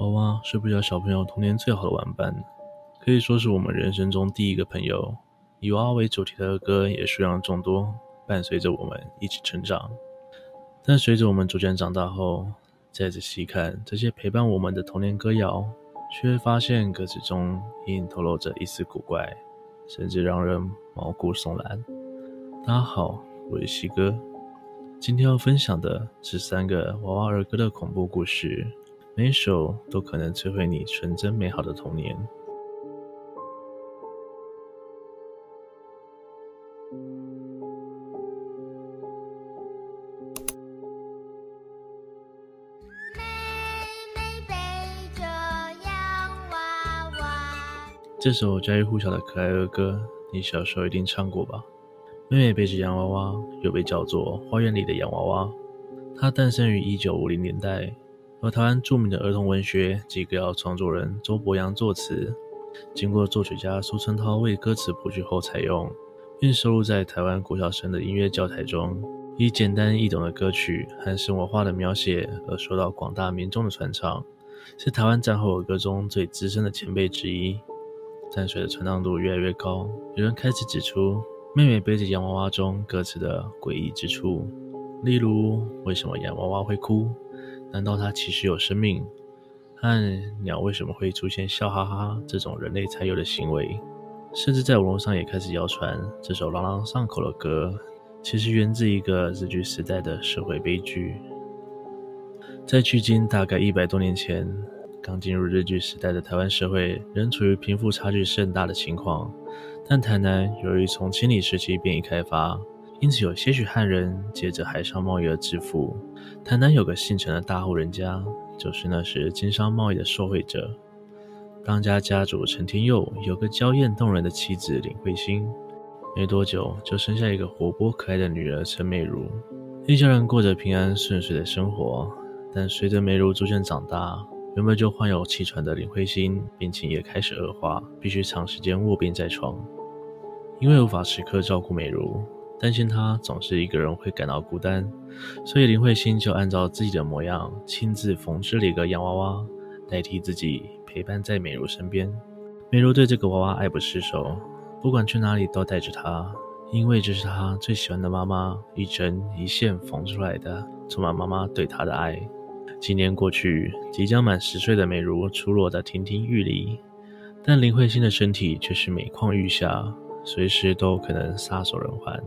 娃娃是不少小朋友童年最好的玩伴，可以說是我們人生中第一個朋友。以娃娃為主題的歌也數量眾多，伴隨着我們一起成長。但隨着我們逐漸長大後，再仔細看這些陪伴我們的童年歌謠，卻發現歌詞中隱隱透露着一絲古怪，甚至讓人毛骨悚然。大家好，我是西哥，今天要分享的是三個娃娃兒歌的恐怖故事。每首都可能摧毀你純真美好的童年。妹妹背着洋娃娃，這首家喻戶曉的可愛兒歌，你小時候一定唱過吧？妹妹背着洋娃娃，又被叫做《花園裡的洋娃娃》，它誕生於一九五零年代。和台灣著名的兒童文學及歌謠創作人周伯陽作詞，經過作曲家蘇春濤為歌詞譜曲後採用，並收錄在台灣國小生的音樂教材中。以簡單易懂的歌曲和生活化的描寫而受到廣大民眾的傳唱，是台灣戰後兒歌中最資深的前輩之一。但隨着傳唱度越來越高，有人開始指出《妹妹背着洋娃娃》中歌詞的詭異之處，例如為什麼洋娃娃會哭？難道它其實有生命？那鳥為什麼會出現笑哈哈這種人類才有的行為？甚至在網絡上也開始謠傳，這首朗朗上口的歌其實源自一個日據時代的社會悲劇。在距今大概一百多年前，剛進入日據時代的台灣社會仍處於貧富差距甚大的情況，但台南由於從清領時期便已開發。因此，有些許漢人借着海上貿易而致富。台南有個姓陳的大戶人家，就是那時經商貿易的受惠者。當家家主陳天佑有個嬌艷動人的妻子林慧心，沒多久就生下一個活潑可愛的女兒陳美如。一家人過着平安順遂的生活。但隨着美如逐漸長大，原本就患有氣喘的林慧心病情也開始惡化，必須長時間臥病在床。因為無法時刻照顧美如。擔心她總是一個人會感到孤單，所以林慧欣就按照自己的模樣，親自縫制了一個洋娃娃，代替自己陪伴在美如身邊。美如對這個娃娃愛不釋手，不管去哪裡都帶着它，因為這是她最喜歡的媽媽一針一線縫出來的，充滿媽媽對她的愛。幾年過去，即將滿十歲的美如出落得亭亭玉立，但林慧欣的身體卻是每況愈下，隨時都可能撒手人寰。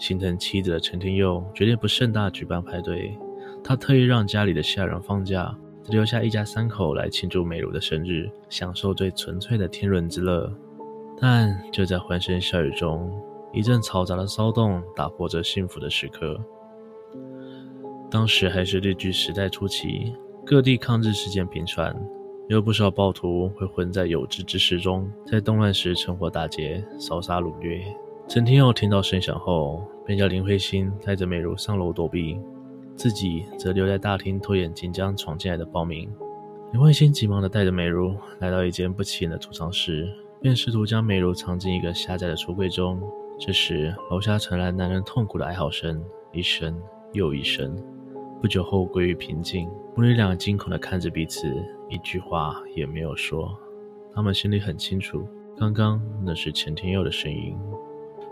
心疼妻子的陳天佑決定不盛大舉辦派對，他特意讓家裡的下人放假，只留下一家三口來慶祝美如的生日，享受最純粹的天倫之樂。但就在歡聲笑語中，一陣嘈雜的騷動打破着幸福的時刻。當時還是日據時代初期，各地抗日事件頻傳，有不少暴徒會混在有志之士中，在動亂時趁火打劫、燒殺擄掠。陳天佑聽到聲響後，便叫林慧欣帶着美如上樓躲避，自己則留在大廳拖延即將闖進來的暴民。林慧欣急忙地帶着美如來到一間不起眼的儲藏室，便試圖將美如藏進一個狹窄的櫥櫃中。這時，樓下傳來男人痛苦的哀嚎聲，一聲又一聲。不久後歸於平靜，母女倆驚恐地看着彼此，一句話也沒有說。他們心裡很清楚，剛剛那是陳天佑的聲音。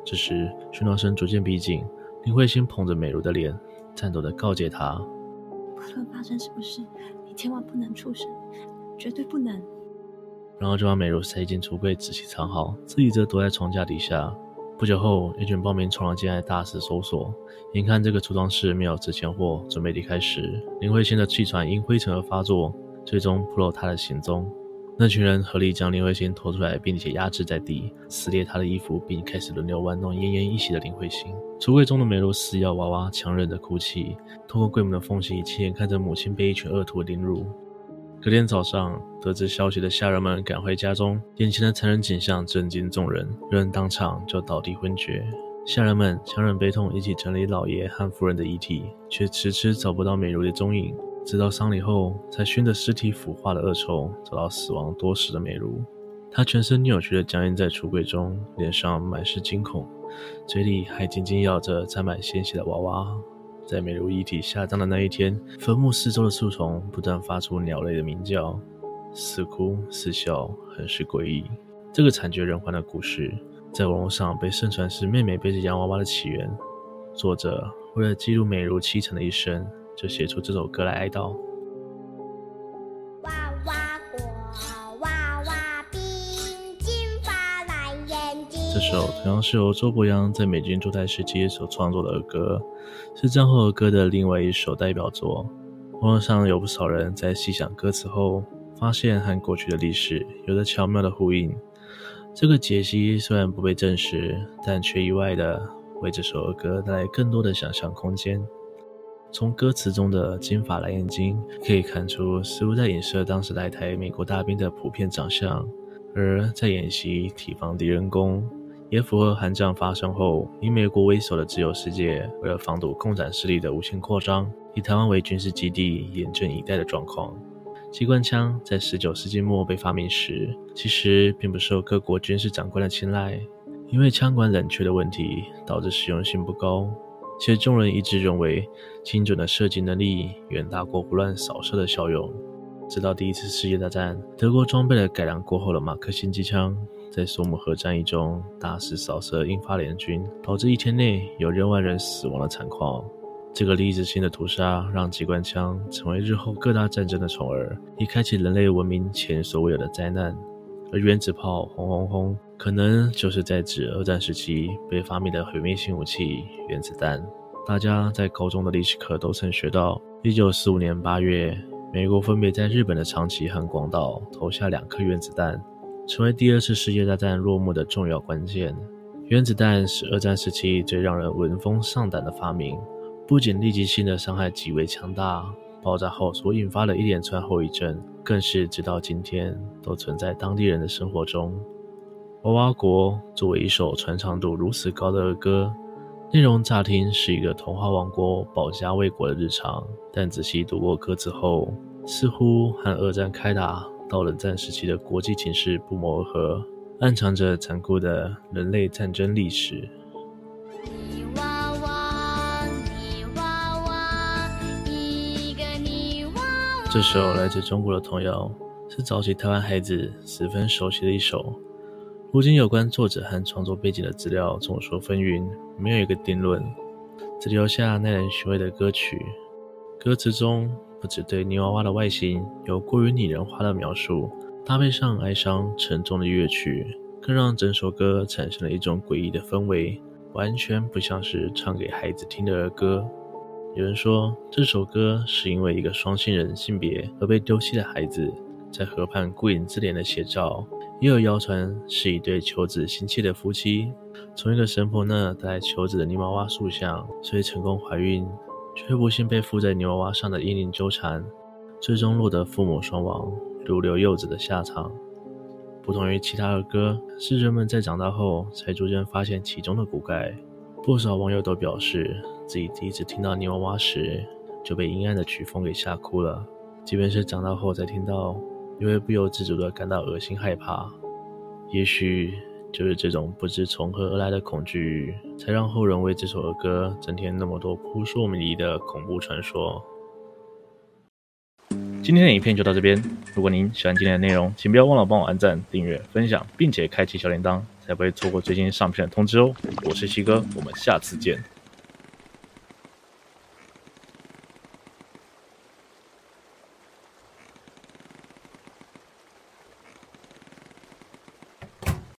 這時，喧鬧聲逐漸逼近。林慧欣捧着美如的臉，顫抖地告誡她：“不論發生什麼事，你千萬不能出聲，絕對不能。”然後就把美如塞進櫥櫃，仔細藏好，自己則躲在床架底下。不久後，一群暴民衝了進來，大肆搜索。眼看這個儲藏室沒有值錢貨，準備離開時，林慧欣的氣喘因灰塵而發作，最終暴露她的行蹤。那群人合力將林慧心拖出來，並且壓制在地，撕裂她的衣服，並開始輪流玩弄奄奄一息的林慧心。櫥櫃中的美如死咬娃娃，強忍着哭泣，透過櫃門的縫隙，親眼看着母親被一群惡徒凌辱。隔天早上，得知消息的下人們趕回家中，眼前的殘忍景象震驚眾人，有人當場就倒地昏厥。下人們強忍悲痛，一起整理老爺和夫人的遺體，卻遲遲找不到美如的蹤影。直到喪禮後，才循著屍體腐化的惡臭找到死亡多時的美如。她全身扭曲的僵硬在櫥櫃中，臉上滿是驚恐，嘴裡還緊緊咬着沾滿鮮血的娃娃。在美如遺體下葬的那一天，墳墓四周的樹叢不斷發出鳥類的鳴叫，似哭似笑，很是詭異。這個慘絕人寰的故事在網絡上被盛傳是妹妹背着洋娃娃的起源。作者為了記錄美如淒慘的一生，就寫出這首歌來哀悼。娃娃國，娃娃兵，金髮藍眼睛。這首同樣是由周伯陽在美軍駐台時期所創作的兒歌，是戰後兒歌的另外一首代表作。網絡上有不少人在細想歌詞後，發現和過去的歷史有着巧妙的呼應。這個解析雖然不被證實，但卻意外地為這首兒歌帶來更多的想象空間。從歌詞中的金髮藍眼睛，可以看出，似乎在影射當時來台美國大兵的普遍長相；而在演習提防敵人攻，也符合韓戰發生後以美國為首的自由世界為了防堵共產勢力的無限擴張，以台灣為軍事基地嚴陣以待的狀況。機關槍在十九世紀末被發明時，其實並不受各國軍事長官的青睞，因為槍管冷卻的問題導致實用性不高。其實，眾人一致認為精準的射擊能力遠大過不亂掃射的效用。直到第一次世界大戰，德國裝備了改良過後的馬克沁機槍，在索姆河戰役中大肆掃射英法聯軍，導致一天內有六萬人死亡的慘況。這個歷史性的屠殺讓機關槍成為日後各大戰爭的寵兒，以開啟人類文明前所未有的災難。而原子炮轟轟轟！可能就是在指二戰時期被發明的毀滅性武器——原子彈。大家在高中的歷史課都曾學到：1945年8月，美國分別在日本的長崎和廣島投下兩顆原子彈，成為第二次世界大戰落幕的重要關鍵。原子彈是二戰時期最讓人聞風喪膽的發明，不僅立即性的傷害極為強大，爆炸後所引發的一連串後遺症，更是直到今天都存在當地人的生活中。娃娃國作為一首傳唱度如此高的兒歌，內容乍聽是一個童話王國保家衛國的日常，但仔細讀過歌詞後，似乎和二戰開打到冷戰時期的國際情勢不謀而合，暗藏着殘酷的人類戰爭歷史。泥娃娃，泥娃娃，一個泥娃娃。這首來自中國的童謠，是早期台灣孩子十分熟悉的一首。如今有關作者和創作背景的資料眾說紛紜，沒有一個定論，只留下耐人尋味的歌曲。歌詞中不只對泥娃娃的外形有過於擬人化的描述，搭配上哀傷沉重的樂曲，更讓整首歌產生了一種詭異的氛圍，完全不像是唱給孩子聽的兒歌。有人說，這首歌是因為一個雙性人性別而被丟棄的孩子在河畔顧影自憐的寫照。也有謠傳是一對求子心切的夫妻，從一個神婆那帶來求子的泥娃娃塑像，雖成功懷孕，卻不幸被附在泥娃娃上的嬰靈糾纏，最終落得父母雙亡、如流幼子的下場。不同於其他兒歌，是人們在長大後才逐漸發現其中的古怪。不少網友都表示，自己第一次聽到泥娃娃時就被陰暗的曲風給嚇哭了，即便是長大後再聽到。因為不由自主的感到噁心害怕，也許就是這種不知從何而來的恐懼，才讓後人為這首兒歌增添那麼多撲朔迷離的恐怖傳說。今天的影片就到這邊，如果您喜歡今天的內容，請不要忘了幫我按讚、訂閱、分享，並且開啟小鈴鐺，才不會錯過最新上片的通知哦。我是七哥，我們下次見。